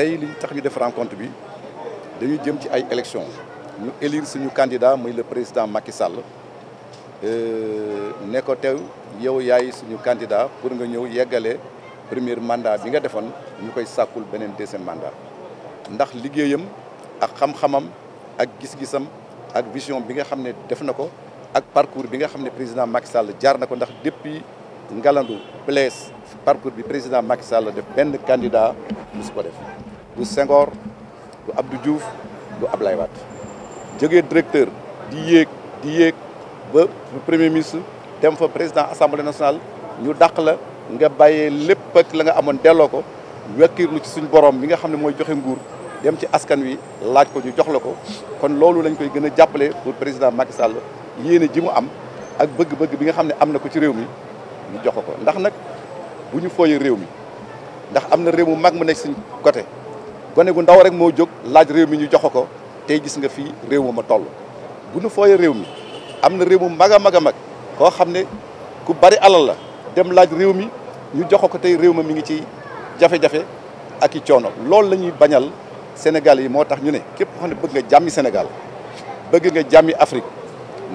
tey tax ñu def rencontre bi dañu jëm ci ay élections ñu élire suñu candidat muy le président Macky Sall euh, ne ko tew yow yaay suñu candidat pour nga ñëw yeggale premier mandat bi nga defoon ñukoy sakul benen deuxième mandat ndax liggéeyam ak xam-xamam ak gis-gisam ak vision bi nga xamné def nako ak parcours bi nga xamné président Macky Sall jaar nako ndax depuis ngalandu place parcours bi président Macky Sall def benn candidat musu def du Senghor du Abdou Diouf du Ablaye Wade jógee directeur di yéeg di yéeg ba premier ministre dem fa président assemblée nationale ñu dàq la nga bàyyee lépp ak la nga amoon delloo ko wekkiirlu ci suñu borom bi nga xam ne mooy joxe nguur dem ci askan wi laaj ko ñu jox la ko kon loolu lañ koy gën a jàppale pour président Macky Sall yéene ji mu am ak bëgg-bëgg bi nga xam ne am na ko ci réew mi ñu jox ko ndax nag bu ñu fooyee réew mi ndax am na réew mu mag mu nekk suñ côté gone gu ndaw rek moo jog laaj réew mi ñu jox ko tey gis nga fii réew ma ma toll bu nu fooyee réew mi am na réew mu mag a mag a mag koo xam ne ku bari alal la dem laaj réew mi ñu joxo ko tey réew ma mi ngi ci jafe-jafe ak i coono loolu la ñuy bañal Sénégal yi moo tax ñu ne képp xam ne bëgg nga jàmmi Sénégal bëgg nga jàmmi Afrique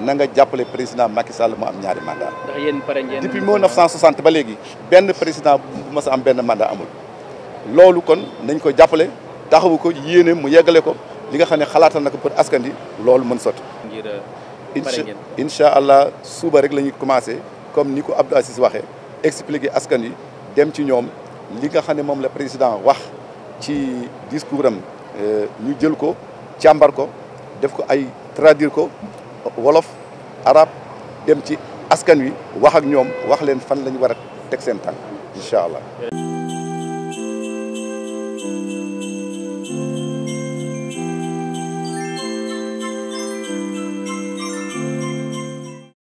na nga jàppale président Macky Sall mu am ñaari mandat ndax yéen pare ngeen depuis 1960 ba léegi benn président bu mosa am benn mandat amul loolu kon nañ ko jàppale taxawu ko yéene mu yeggale ko li nga xam ne xalaatal na ko pour askan wi loolu mën sotti. ngir euh, incha allah suuba rek la ñuy commencé comme ni ko Abdou Aziz waxee expliquer askan yi dem ci ñoom li nga xam ne moom la président wax ci discours am euh, ñu jël ko càmbar ko def ko ay traduire ko wolof arab dem ci askan wi wax ak ñoom wax leen fan la ñu war a teg seen tànk incha allah.